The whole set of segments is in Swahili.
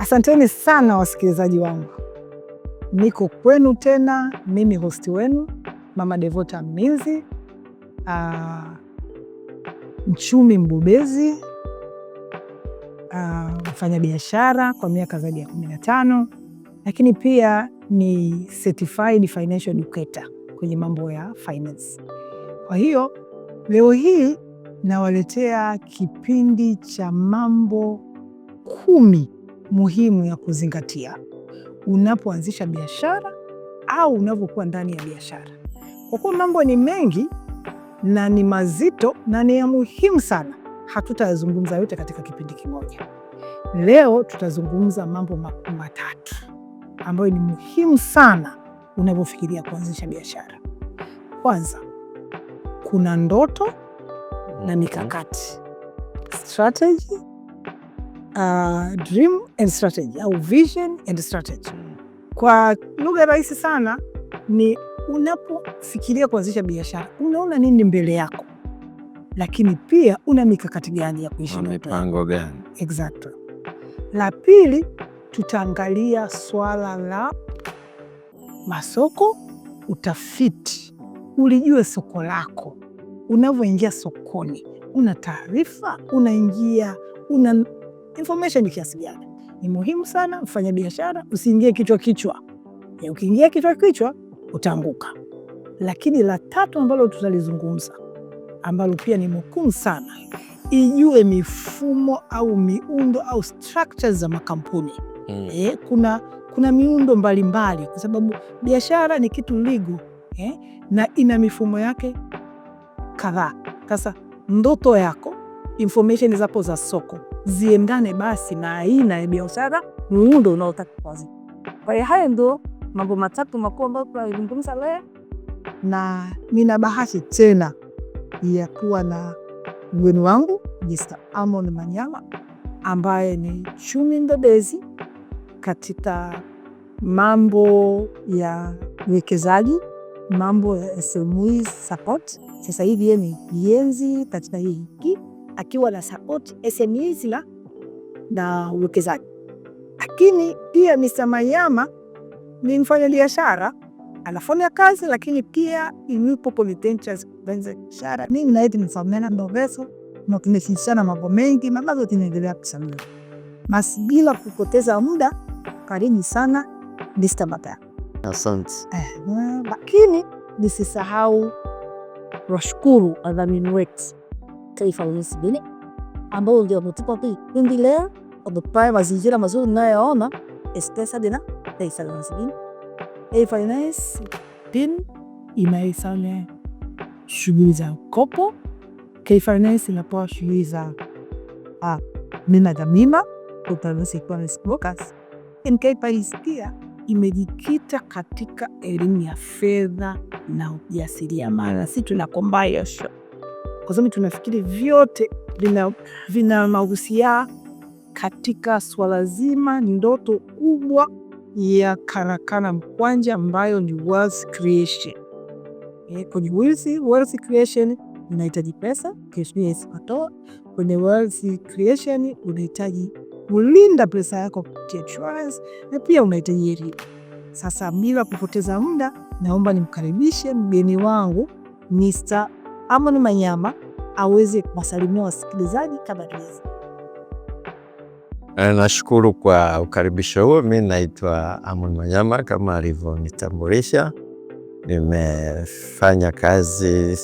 Asanteni sana wasikilizaji wangu, niko kwenu tena, mimi hosti wenu Mama Devota Mminzi, mchumi mbobezi, mfanyabiashara kwa miaka zaidi ya kumi na tano, lakini pia ni certified financial educator kwenye mambo ya finance. Kwa hiyo leo hii nawaletea kipindi cha mambo kumi muhimu ya kuzingatia unapoanzisha biashara au unavyokuwa ndani ya biashara, kwa kuwa mambo ni mengi na ni mazito na ni ya muhimu sana. Hatutayazungumza yote katika kipindi kimoja. Leo tutazungumza mambo makuu matatu ambayo ni muhimu sana unavyofikiria kuanzisha biashara. Kwanza, kuna ndoto na mhm. mikakati, strategy uh, dream and strategy au vision and strategy. Kwa lugha rahisi sana ni unapofikiria kuanzisha biashara unaona nini mbele yako, lakini pia una mikakati gani ya kuishi, mipango gani exactly. La pili tutaangalia swala la masoko, utafiti, ulijue soko lako. Unavyoingia sokoni, una taarifa, unaingia una Information ni kiasi gani? Ni muhimu sana mfanya biashara, usiingie kichwa kichwa. Ukiingia kichwa kichwa utaanguka. Lakini la tatu ambalo tutalizungumza ambalo pia ni muhimu sana, ijue mifumo au miundo au structures za makampuni mm. Eh, kuna, kuna miundo mbalimbali kwa sababu biashara ni kitu ligu eh, na ina mifumo yake kadhaa. Sasa ndoto yako information zapo za soko ziendane basi na aina ya biashara, muundo unaotaka kwanza. Kwa hiyo haya ndo mambo matatu makuu ambayo tunazungumza leo, na nina bahati tena ya kuwa na mgeni wangu Mr. Amon Manyama ambaye ni chumi ndodezi katika mambo ya uwekezaji, mambo ya SME support. Sasa hivi yeye ni mjenzi katika hii akiwa na support SMEs e na na uwekezaji. Lakini pia Mr. mayama ni mfanyabiashara anafanya kazi, lakini pia yupo kwenye biashara. Mimi na yeye tunafahamiana na tumeshirikiana mambo mengi na bado tunaendelea Basi bila kupoteza muda, karibu sana Mr. Mata. Asante. Eh, lakini nisisahau washukuru wadhamini wetu taifa weusi vile, ambao ndio wametupa kundi leo wamepae mazingira mazuri nayoona dena taifa la Masbin taifa inaespin inaisame shughuli za mkopo kaifarnes inapoa shughuli za mina damima utanusikanskbokas inkaipalistia imejikita katika elimu ya fedha na ujasiriamali, si tunakombayosho kwa sababu tunafikiri vyote vina, vina mahusia katika swala zima ndoto kubwa ya Karakana Mkwanja ambayo ni wealth creation. Eh, kwenye wealth creation unahitaji pesa, kesipato. Kwenye wealth creation unahitaji kulinda pesa yako kupitia insurance na pia unahitaji elimu. Sasa bila kupoteza muda, naomba nimkaribishe mgeni wangu Mr. Amon Manyama aweze kuwasalimia wasikilizaji kama eh, Nashukuru kwa ukaribisho huo. Mi naitwa Amon Manyama kama alivyonitambulisha. Nimefanya kazi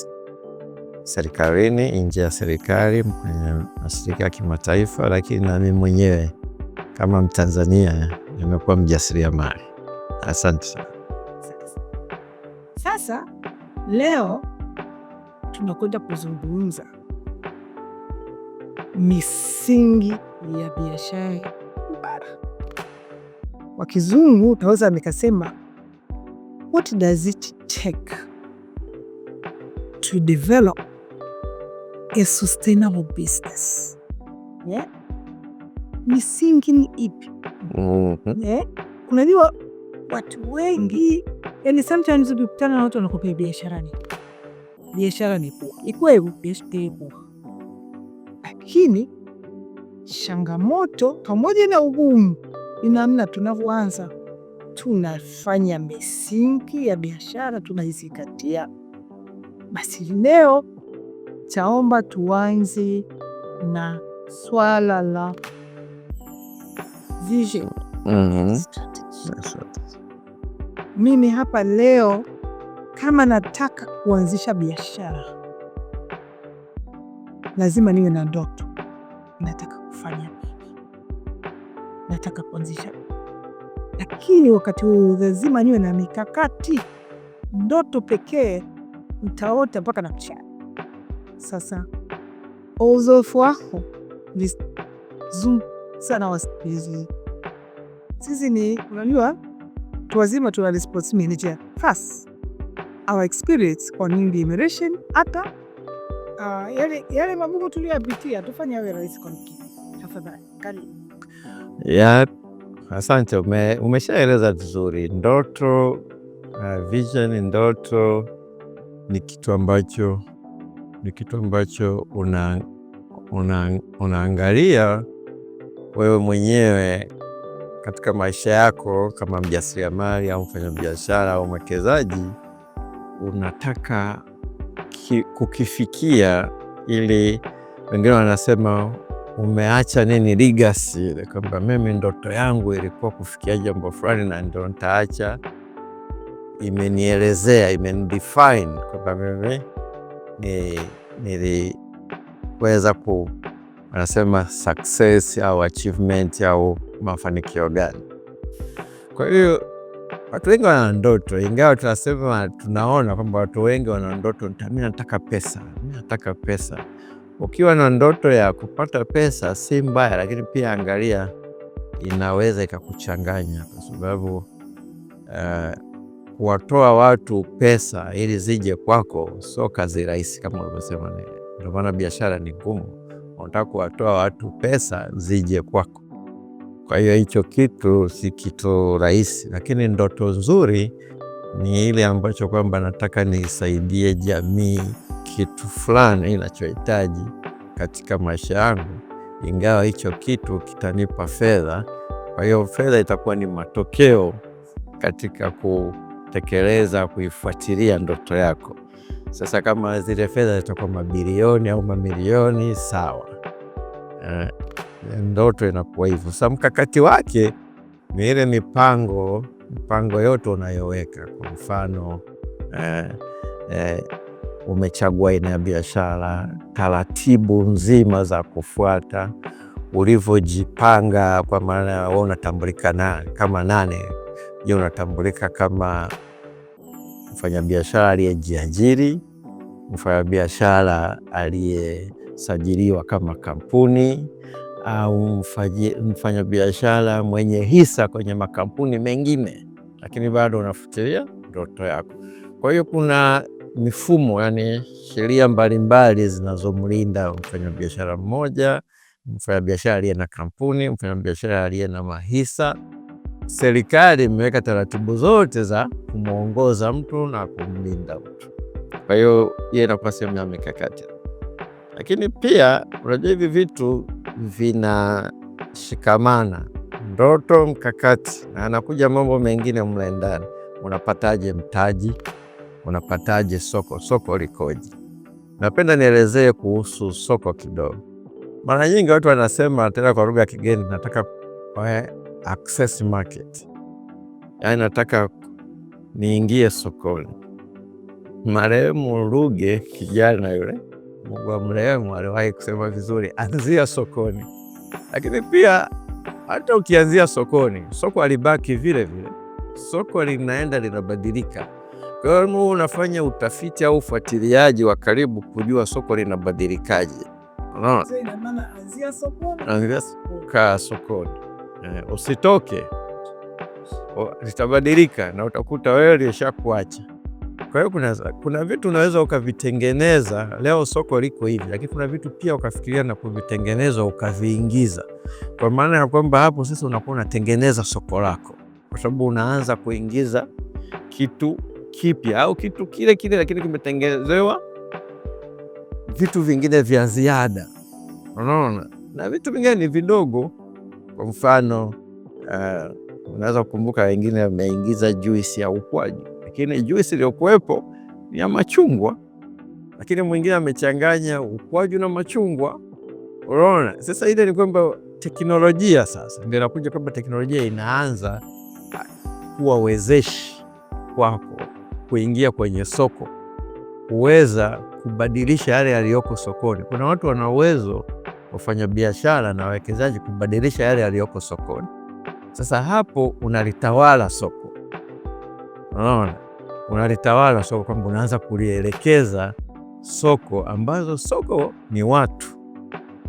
serikalini, nje ya serikali, kwenye mashirika ya kimataifa, lakini nami mwenyewe kama Mtanzania nimekuwa mjasiriamali. Asante sana. Sasa leo tunakwenda kuzungumza misingi ya biashara bara. Kwa kizungu utaweza nikasema what does it take to develop a sustainable business yeah? Misingi ni ipi? mm -hmm. yeah? Unajua watu wengi mm-hmm. yani, sometimes ukikutana na watu wanakupea biashara nini biashara ni poa. Ni kweli biashara ni poa, lakini changamoto pamoja na ugumu ni namna tunavyoanza, tunafanya misingi ya biashara tunaizikatia. Basi leo chaomba tuanze na swala la vision. mm -hmm. Mimi hapa leo kama nataka kuanzisha biashara lazima niwe na ndoto. Nataka kufanya nini? Nataka kuanzisha, lakini wakati huu lazima niwe na mikakati. Ndoto pekee ntaota mpaka na mchana. Sasa uzoefu wako vizuri sana, wasikilizaji. Sisi ni unajua, tuwazima tuna responsibility our experience on nini immigration hata uh, yale, yale magumu tuliyopitia tufanye yawe rahisi kwa mkini. Tafadhali karibu. Yeah, asante. Ume, umeshaeleza vizuri ndoto, uh, vision. Ndoto ni kitu ambacho ni kitu ambacho una, una, unaangalia wewe mwenyewe katika maisha yako kama mjasiriamali au mfanyabiashara au mwekezaji unataka ki, kukifikia, ili wengine wanasema umeacha nini legacy, ile kwamba mimi ndoto yangu ilikuwa kufikia jambo fulani na ndo nitaacha, imenielezea imenidefine kwamba mimi niliweza ku wanasema success au achievement au mafanikio gani. Kwa hiyo Watu wengi wana ndoto, ingawa tunasema tunaona kwamba watu wengi wana ndoto, mi nataka pesa, mi nataka pesa. Ukiwa na ndoto ya kupata pesa si mbaya, lakini pia angalia, inaweza ikakuchanganya kwa sababu uh, kuwatoa watu pesa ili zije kwako sio kazi rahisi kama ulivyosema. Ndio maana biashara ni ngumu, unataka kuwatoa watu pesa zije kwako. Kwa hiyo hicho kitu si kitu rahisi, lakini ndoto nzuri ni ile ambacho kwamba nataka nisaidie jamii kitu fulani inachohitaji katika maisha yangu, ingawa hicho kitu kitanipa fedha. Kwa hiyo fedha itakuwa ni matokeo katika kutekeleza, kuifuatilia ndoto yako. Sasa kama zile fedha zitakuwa mabilioni au mamilioni, sawa eh ndoto inakuwa hivyo. Sa mkakati wake ni ile mipango mipango yote unayoweka, kwa mfano eh, eh, umechagua aina ya biashara, taratibu nzima za kufuata, ulivyojipanga, kwa maana we unatambulika nani, kama nane, je, unatambulika kama mfanyabiashara aliyejiajiri, mfanyabiashara aliyesajiliwa kama kampuni au mfanyabiashara mwenye hisa kwenye makampuni mengine, lakini bado unafutilia ndoto yako. Kwa hiyo kuna mifumo yani sheria mbalimbali zinazomlinda mfanyabiashara mmoja, mfanyabiashara aliye na kampuni, mfanyabiashara aliye na mahisa. Serikali imeweka taratibu zote za kumwongoza mtu na kumlinda mtu. Kwa hiyo hiyo inakuwa sehemu ya mikakati, lakini pia unajua hivi vitu vinashikamana, ndoto, mkakati na anakuja mambo mengine mle ndani. Unapataje mtaji? Unapataje soko? Soko likoje? Napenda nielezee kuhusu soko kidogo. Mara nyingi watu wanasema tena kwa lugha ya kigeni, nataka eh, access market, yaani nataka niingie sokoni. Marehemu Ruge kijana yule Mungu wa mrehemu aliwahi kusema vizuri, anzia sokoni. Lakini pia hata ukianzia sokoni, soko alibaki vile vile, soko linaenda linabadilika. Kwa hiyo unafanya utafiti au ufuatiliaji wa karibu kujua soko linabadilikaje. sokoni, kaa sokoni, eh, usitoke, litabadilika na utakuta wewe lishakuacha. Kwa hiyo kuna, kuna vitu unaweza ukavitengeneza leo, soko liko hivi, lakini kuna vitu pia ukafikiria na kuvitengeneza ukaviingiza, kwa maana ya kwamba hapo sasa unakuwa unatengeneza soko lako, kwa sababu unaanza kuingiza kitu kipya au kitu kile kile, lakini kimetengenezewa vitu vingine vya ziada, unaona, na vitu vingine ni vidogo. Kwa mfano uh, unaweza kukumbuka wengine wameingiza juisi ya ukwaju lakini juisi iliyokuwepo ni ya machungwa, lakini mwingine amechanganya ukwaju na machungwa. Unaona, sasa ile ni kwamba teknolojia sasa ndio inakuja, kwamba teknolojia inaanza kuwa wezeshi kwako kuingia kwenye soko, kuweza kubadilisha yale yaliyoko sokoni. Kuna watu wana uwezo, biashara na wawekezaji, kubadilisha yale yaliyoko sokoni. Sasa hapo unalitawala soko, unaona unalitawala soko kwamba unaanza kulielekeza soko, ambazo soko ni watu,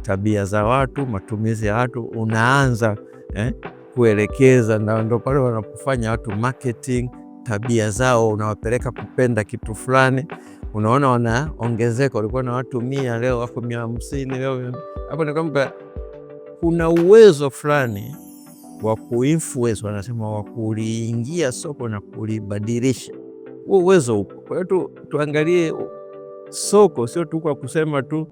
tabia za watu, matumizi ya watu, unaanza eh, kuelekeza, na ndo pale wanapofanya watu marketing tabia zao, unawapeleka kupenda kitu fulani, unaona wanaongezeka. Walikuwa na watu mia, leo wako mia hamsini. Leo hapo ni kwamba kuna uwezo fulani wa kuinfluence, wanasema wa kuliingia soko na kulibadilisha huo uwezo huko. Kwa hiyo tu, tuangalie soko, sio tu kwa kusema tu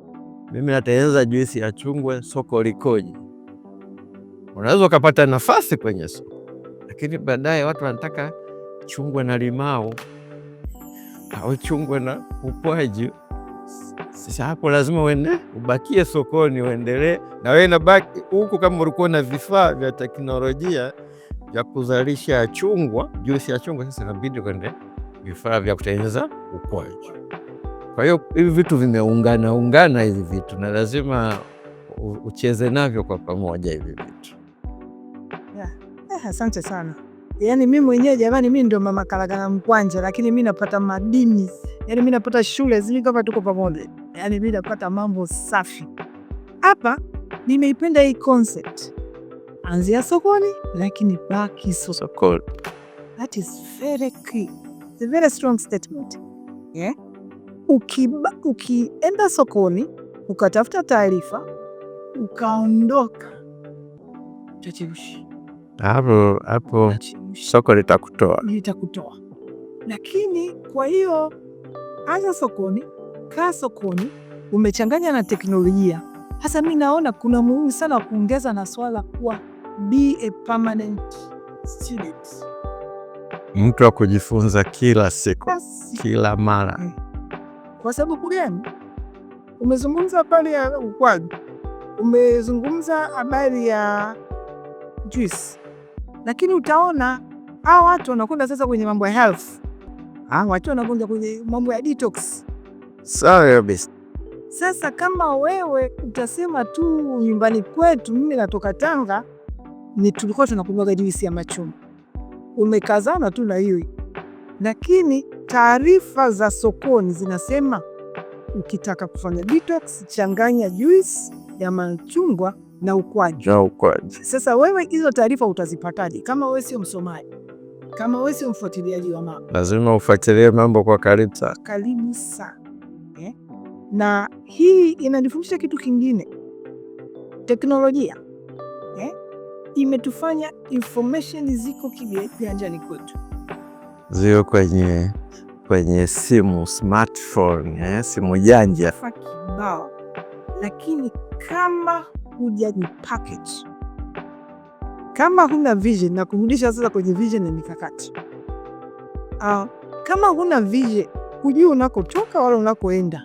mimi natengeneza juisi ya chungwa, soko likoje? Unaweza ukapata nafasi kwenye soko, lakini baadaye watu wanataka chungwa na limao au chungwa na ukwaju. Sasa hapo lazima uende ubakie sokoni, uendelee na wewe nabaki huku. Kama ulikuwa na vifaa vya teknolojia vya kuzalisha chungwa, juisi ya chungwa, sasa inabidi uende vifaa vya kutengeneza ukwaju. Kwa hiyo hivi vitu vimeungana ungana hivi vitu, na lazima ucheze navyo kwa pamoja hivi vitu. Eh, asante yeah, sana. Yaani mi mwenyewe jamani, mi ndio mama Kalagala Mkwanja, lakini mi napata madini, yaani mi napata shule zii kama tuko pamoja, yaani mi napata mambo safi hapa. Nimeipenda hii concept, anzia sokoni lakini baki sokoni. That is very key. It's a very strong statement. Yeah? Ukiba, ukienda sokoni ukatafuta taarifa ukaondoka hapo hapo soko litakutoa litakutoa. Lakini kwa hiyo aza sokoni, kaa sokoni, umechanganya na teknolojia. Hasa mi naona kuna muhimu sana wa kuongeza na swala kuwa be a permanent student mtu wa kujifunza kila siku, kila mara. Mm. Kwa sababu gani? Umezungumza habari ya ukwaji, umezungumza habari ya juice, lakini utaona hawa watu wanakwenda sasa kwenye mambo ya health, watu wanakwenda kwenye mambo ya detox. Sawa Sasa kama wewe utasema tu nyumbani kwetu, mimi natoka Tanga, ni tulikuwa tunakunywaga juisi ya machungwa umekazana tu na hiyo, lakini taarifa za sokoni zinasema ukitaka kufanya detox, changanya juisi ya machungwa na ukwaju na ukwaju. Sasa wewe hizo taarifa utazipataje kama wewe sio msomaji, kama wewe sio mfuatiliaji wa mambo? Lazima ufuatilie mambo kwa karibu sana, karibu sana okay. Eh? na hii inanifundisha kitu kingine, teknolojia okay. Eh? imetufanya information ziko kiganjani kwetu, ziko kwenye kwenye simu smartphone, eh, simu janja kibao, lakini kama hujani package, kama huna vision na kurudisha sasa kwenye vision na mikakati uh, kama huna vision, hujui unakotoka wala unakoenda,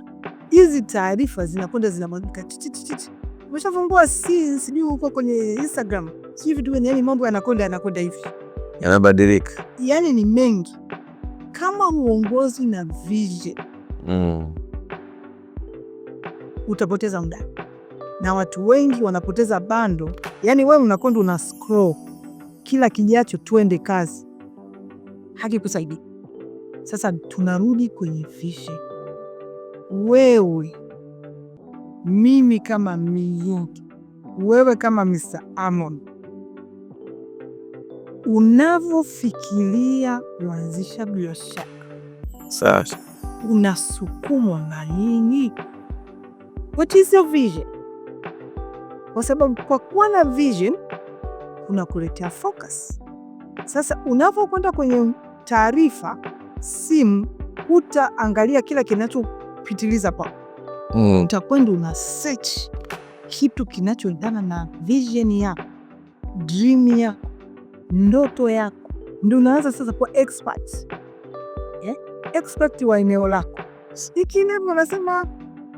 hizi taarifa zinakwenda zinamwagika umeshafungua si sijui huko kwenye Instagram sijui vitu gani, yani mambo yanakwenda yanakwenda hivi yanabadilika, yani ni mengi kama uongozi na vision mm. Utapoteza muda na watu wengi wanapoteza bando, yani wewe unakwenda una scroll kila kijacho, twende kazi, hakikusaidia. Sasa tunarudi kwenye vision, wewe mimi kama Miyuki, wewe kama Mr. Amon, unavyofikiria kuanzisha biashara sasa, unasukumwa na nini? What is your vision? Kwa sababu kwa kuwa na vision unakuletea focus. Sasa unapokwenda kwenye taarifa simu, hutaangalia kila kinachopitiliza pao mm. Utakwenda una search kitu kinachoendana na vision yako, dream yako, ndoto yako, ndio unaanza sasa kuwa expert yeah? expert wa eneo lako ikinevo, nasema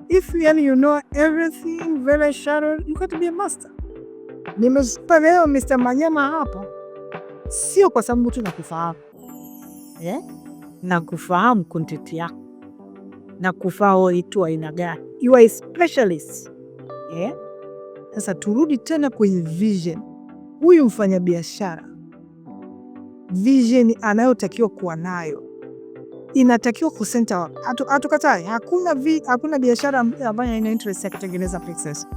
if yani you know everything very shallow you got to be a master. Nimezupa leo Mr. Manyama hapa, sio kwa sababu tu nakufahamu yeah? nakufahamu kufahamu kontenti yako na kufaa itu aina gani, you are a specialist yeah. Sasa turudi tena kwenye vision. Huyu mfanyabiashara vision anayotakiwa kuwa nayo inatakiwa kusenta wapi? Hatukatai, hakuna, hakuna biashara ambayo ina interest ya kutengeneza princess,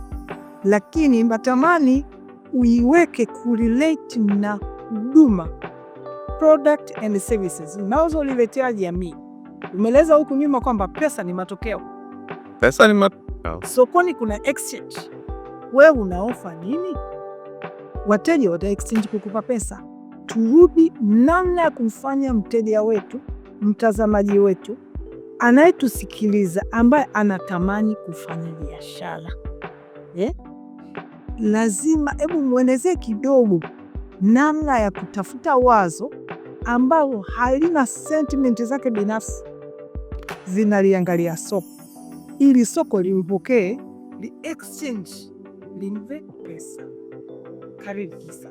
lakini mbatamani uiweke kurelate na huduma, product and services inazoliletea jamii Umeeleza huku nyuma kwamba pesa ni matokeo, pesa ni matokeo. Sokoni kuna exchange, wewe unaofa nini? Wateja wata exchange kukupa pesa. Turudi namna ya kumfanya mteja wetu, mtazamaji wetu anayetusikiliza, ambaye anatamani kufanya biashara eh? Lazima hebu mwelezee kidogo namna ya kutafuta wazo ambalo halina sentimenti zake binafsi, zinaliangalia soko ili soko limpokee, li exchange, limpe pesa. Karibu kisa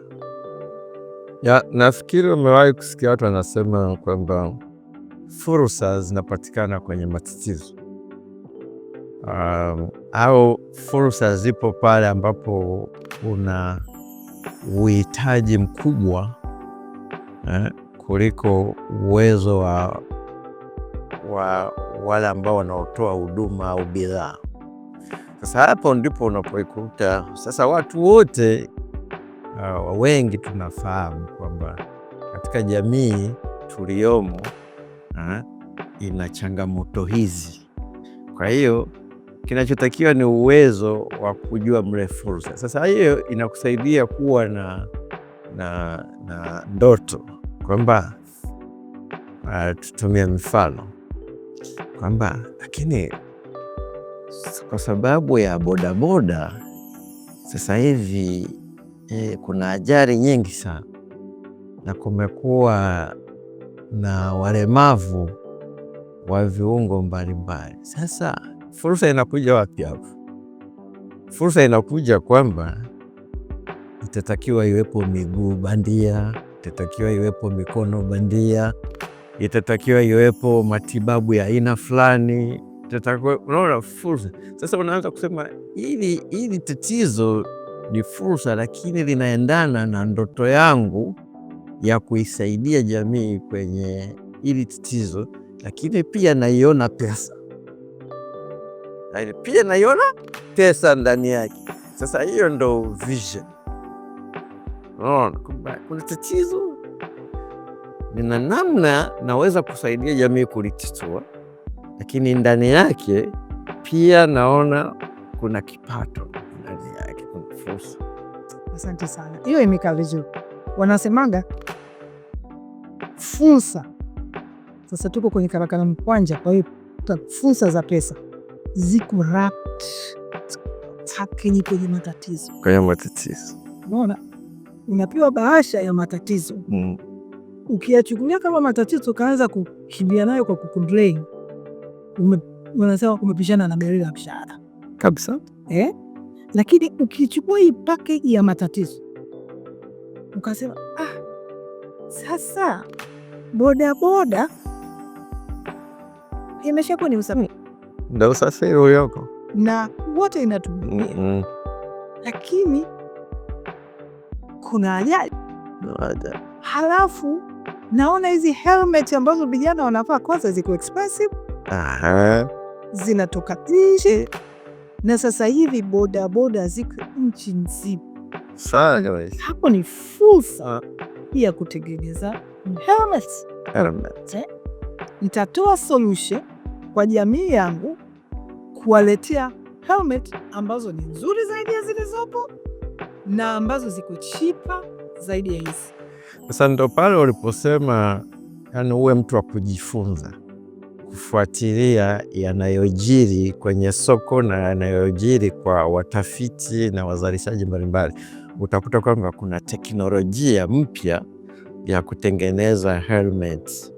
ya, nafikiri umewahi kusikia watu wanasema kwamba fursa zinapatikana kwenye matatizo. Um, au fursa zipo pale ambapo una uhitaji mkubwa eh, kuliko uwezo wa, wa wale ambao wanaotoa huduma au bidhaa. Sasa hapo ndipo unapoikuta sasa watu wote uh, wengi tunafahamu kwamba katika jamii tuliyomo uh, ah, ina changamoto hizi. Kwa hiyo kinachotakiwa ni uwezo wa kujua mle fursa. Sasa hiyo inakusaidia kuwa na, na, na ndoto kwamba uh, eh, tutumia mfano kwamba lakini kwa sababu ya bodaboda sasa hivi e, kuna ajali nyingi sana na kumekuwa na walemavu wa viungo mbalimbali. Sasa fursa inakuja wapi hapo? Fursa inakuja kwamba itatakiwa iwepo miguu bandia itatakiwa iwepo mikono bandia, itatakiwa iwepo matibabu ya aina fulani, unaona fursa. Sasa unaanza kusema hili hili tatizo ni fursa, lakini linaendana na ndoto yangu ya kuisaidia jamii kwenye hili tatizo, lakini pia naiona pesa, pia naiona pesa ndani yake. Sasa hiyo ndo vision. Unaona kuna tatizo, nina namna naweza kusaidia jamii kulitatua, lakini ndani yake pia naona kuna kipato ndani yake, kuna fursa. Asante sana, hiyo imekaa vizuri. Wanasemaga fursa. Sasa tuko kwenye karakana mkwanja, kwa hiyo fursa za pesa ziko wrapped kwenye matatizo, kwenye matatizo, unaona unapewa bahasha ya matatizo mm. Ukiyachukulia kama matatizo, ukaanza kukimbia nayo kwa kukomplain, wanasema umepishana na gari la mshahara kabisa eh? Lakini ukichukua hii pakeji ya matatizo ukasema, ah, sasa bodaboda imeshakuwa ni usafiri ndo usafiri huyoko na wote inatumia mm -mm. Lakini kuna ajali. Halafu naona hizi helmet ambazo vijana wanavaa kwanza ziko expensive. Aha. Zinatoka nje na sasa hivi bodaboda ziko nchi nzima. Hapo ni fursa ya kutengeneza helmet. Helmet. Eh? Nitatoa solution kwa jamii yangu kuwaletea helmet ambazo ni nzuri zaidi ya zilizopo na ambazo ziko chipa zaidi ya hizi. Sasa ndo pale uliposema, yani uwe mtu wa kujifunza, kufuatilia yanayojiri kwenye soko na yanayojiri kwa watafiti na wazalishaji mbalimbali. Utakuta kwamba kuna teknolojia mpya ya kutengeneza helmet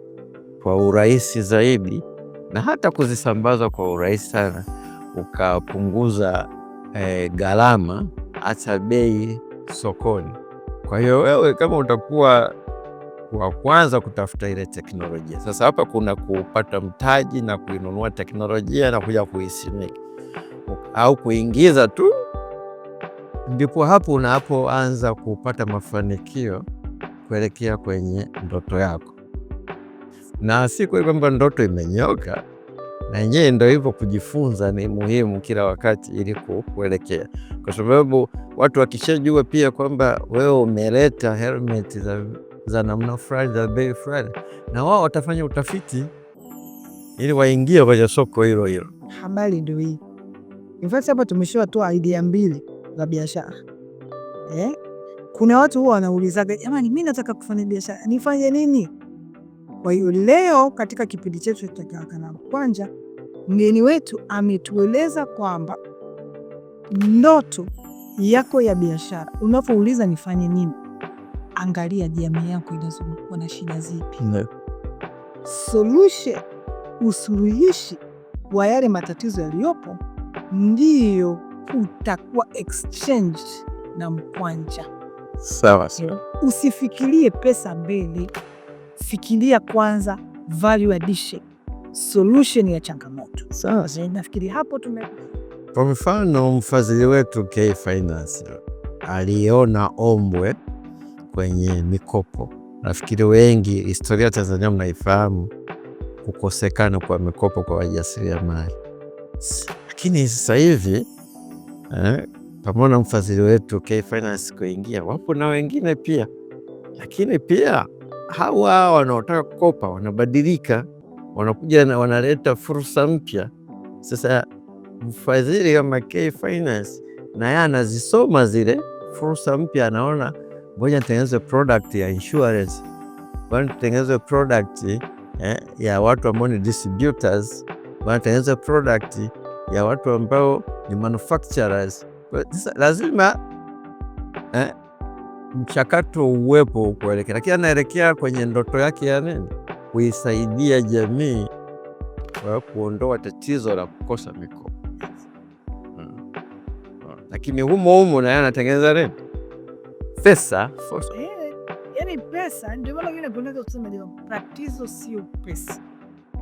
kwa urahisi zaidi na hata kuzisambaza kwa urahisi sana, ukapunguza eh, gharama hata bei sokoni. Kwa hiyo wewe kama utakuwa wa kwanza kutafuta ile teknolojia sasa, hapa kuna kupata mtaji na kuinunua teknolojia na kuja kuisimika au kuingiza tu, ndipo hapo unapoanza kupata mafanikio kuelekea kwenye ndoto yako, na si kweli kwamba ndoto imenyoka na yenyewe ndo hivyo. Kujifunza ni muhimu kila wakati ili kuelekea, kwa sababu watu wakishajua pia kwamba wewe umeleta helmet za, za namna fulani za bei fulani, na wao watafanya utafiti ili waingie kwenye soko hilo hilo. Habari ndio hii. In fact hapa tu idea mbili za biashara eh? Kuna watu huwa wanaulizaga, jamani, mi nataka kufanya biashara nifanye nini? Kwa hiyo leo katika kipindi chetu cha Kawaka na Mkwanja, mgeni wetu ametueleza kwamba ndoto yako ya biashara, unapouliza nifanye nini, angalia jamii yako inazungukwa na shida zipi, solution usuluhishi wa yale matatizo yaliyopo, ndiyo utakuwa exchange na Mkwanja. Sawa sawa, usifikirie pesa mbele fikiria kwanza value addition, solution ya changamoto. Sasa nafikiri hapo tume kwa mfano mfadhili wetu K Finance aliona ombwe kwenye mikopo. Nafikiri wengi historia ya Tanzania mnaifahamu, kukosekana kwa mikopo kwa wajasiriamali, lakini sasa hivi eh, pamoja na mfadhili wetu K Finance kuingia, wapo na wengine pia, lakini pia hawa wanaotaka kukopa wanabadilika, wanakuja na wanaleta fursa mpya. Sasa mfadhili kama K Finance na yeye anazisoma zile fursa mpya, anaona ngoja nitengeneze product ya insurance, ngoja nitengeneze product eh, ya watu ambao ni distributors, ngoja nitengeneze product ya watu ambao ni manufacturers. Lazima eh, mchakato uwepo kuelekea, lakini anaelekea kwenye ndoto yake ya nini? Kuisaidia jamii kwa kuondoa tatizo la kukosa mikopo hmm. hmm. Lakini humo humo naye anatengeneza nini? Pesa. Eh, yani pesa, ndio maana kusema tatizo sio pesa,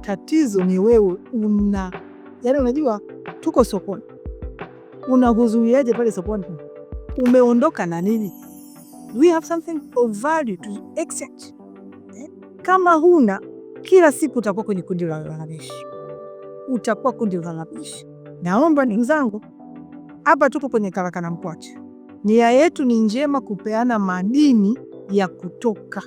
tatizo ni wewe una, yani unajua tuko sokoni, unakuzuiaje pale sokoni? Umeondoka na nini? we have something of value to accept. Kama huna kila siku utakuwa kwenye kundi la wanabishi, utakuwa kundi la wanabishi. Naomba ni mzangu hapa tuko kwenye karakana Mpwapwa, nia yetu ni njema, kupeana madini ya kutoka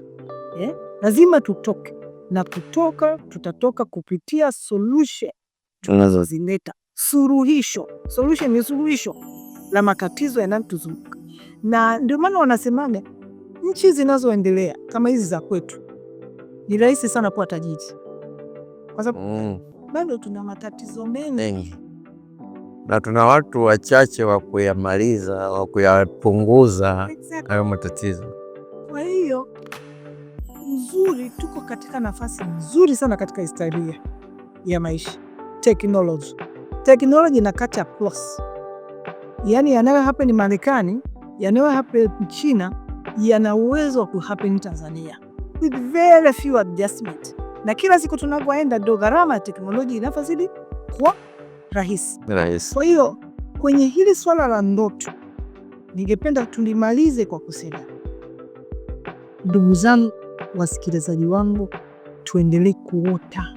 eh? Lazima tutoke na kutoka, tutatoka kupitia solution tunazozileta, suluhisho. Solution ni suluhisho la matatizo yanayotuzunguka na ndio maana wanasemaga nchi zinazoendelea kama hizi za kwetu ni rahisi sana kuwa tajiri, kwa sababu mm, bado tuna matatizo mengi na tuna watu wachache wa kuyamaliza, wa kuyapunguza hayo matatizo. Kwa hiyo uzuri, tuko katika nafasi nzuri sana katika historia ya maisha. Teknoloji, teknoloji na plus, yaani yanayo hapa ni Marekani yanayohappen China yana uwezo wa kuhappen Tanzania with very few adjustment, na kila siku tunavyoenda ndo gharama ya teknoloji inavyozidi kuwa rahisi rahisi. Kwa hiyo kwenye hili swala la ndoto, ningependa tulimalize kwa kusema, ndugu zangu, wasikilizaji wangu, tuendelee kuota.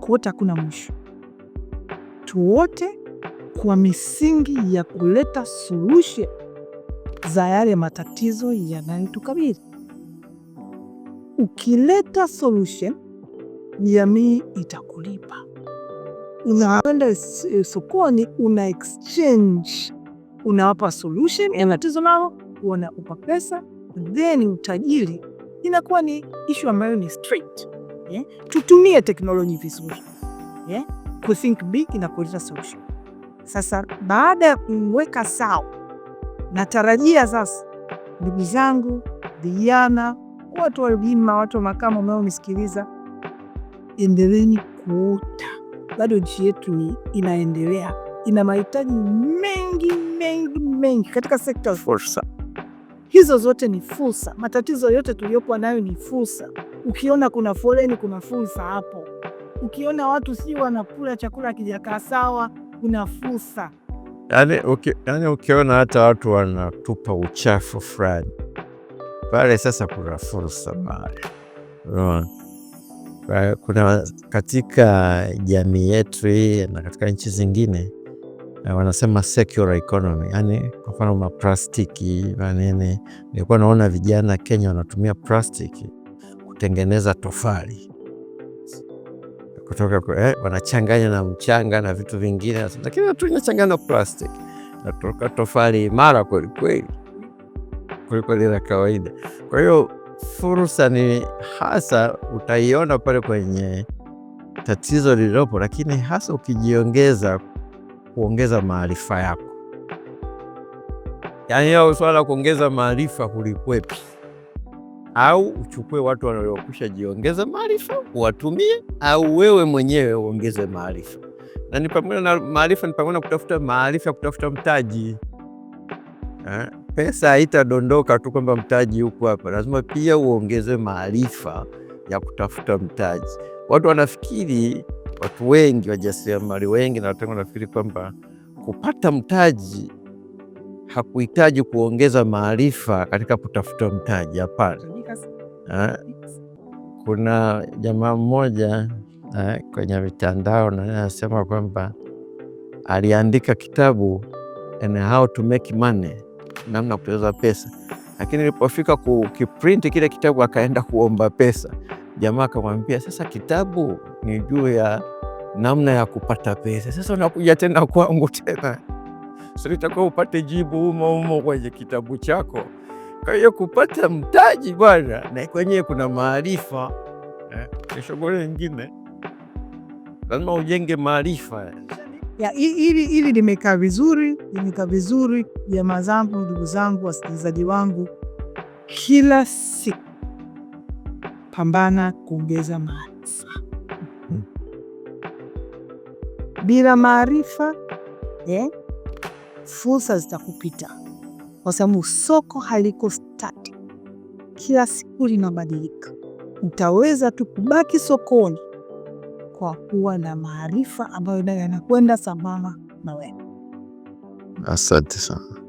Kuota kuna mwisho, tuote kwa misingi ya kuleta suluhisho za yale matatizo yanayotukabili. Ukileta solution, jamii itakulipa. Unaenda eh, sokoni, una exchange, unawapa solution ya tatizo lao, wanaupa pesa, then utajiri. Inakuwa ni ishu ambayo ni straight. Yeah? Tutumie teknoloji vizuri, yeah? Kuthink big na kuleta solution. Sasa baada ya kumweka sawa, natarajia sasa, ndugu zangu vijana, watu wazima, watu wa makamo mnaonisikiliza, endeleni kuota, bado nchi yetu inaendelea, ina mahitaji mengi mengi mengi katika sekta fursa hizo zote ni fursa. Matatizo yote tuliyokuwa nayo ni fursa. Ukiona kuna foleni, kuna fursa hapo. Ukiona watu si wanakula chakula kijakaa sawa, kuna fursa yani, okay, yani ukiona hata watu wanatupa uchafu fulani pale, sasa kuna fursa pale. Kuna katika jamii yetu hii na katika nchi zingine eh, wanasema secular economy, yani kwa mfano maplastiki manini. Nilikuwa naona vijana Kenya wanatumia plastiki kutengeneza tofali kutoka kwa, eh, wanachanganya na mchanga na vitu vingine, lakini tu inachanganya na na natoka tofali imara kwelikweli kuliko lile la kawaida. Kwa hiyo fursa ni hasa utaiona pale kwenye tatizo lililopo, lakini hasa ukijiongeza kuongeza maarifa yako, yaani hiyo swala kuongeza maarifa kulikwepi au uchukue watu waliokwisha jiongeze maarifa watumie, au wewe mwenyewe uongeze maarifa. Na ni pamoja na maarifa, ni pamoja na kutafuta maarifa ya kutafuta mtaji ha? Pesa haitadondoka tu kwamba mtaji huku hapa, lazima pia uongeze maarifa ya kutafuta mtaji. Watu wanafikiri, watu wengi wajasiriamali wengi na watengo wanafikiri kwamba kupata mtaji hakuhitaji kuongeza maarifa katika kutafuta mtaji. Hapana eh, kuna jamaa mmoja eh, kwenye mitandao anasema kwamba aliandika kitabu and how to make money, namna pesa, lakini ilipofika kukiprinti kile kitabu akaenda kuomba pesa. Jamaa akamwambia sasa, kitabu ni juu ya namna ya kupata pesa, sasa unakuja tena kwangu tena, so itakuwa upate jibu umo umo kwenye kitabu chako. Kwa hiyo kupata mtaji bwana, na kwenyewe kuna maarifa eh, ni shughuli nyingine, lazima ujenge maarifa hili hili limekaa vizuri, limekaa vizuri. Jamaa zangu, ndugu zangu, wasikilizaji wangu, kila siku pambana kuongeza maarifa. Bila maarifa eh, fursa zitakupita kwa sababu soko haliko stati, kila siku linabadilika. Utaweza tu kubaki sokoni kwa kuwa na maarifa ambayo nayo yanakwenda sambamba na wewe. Asante sana.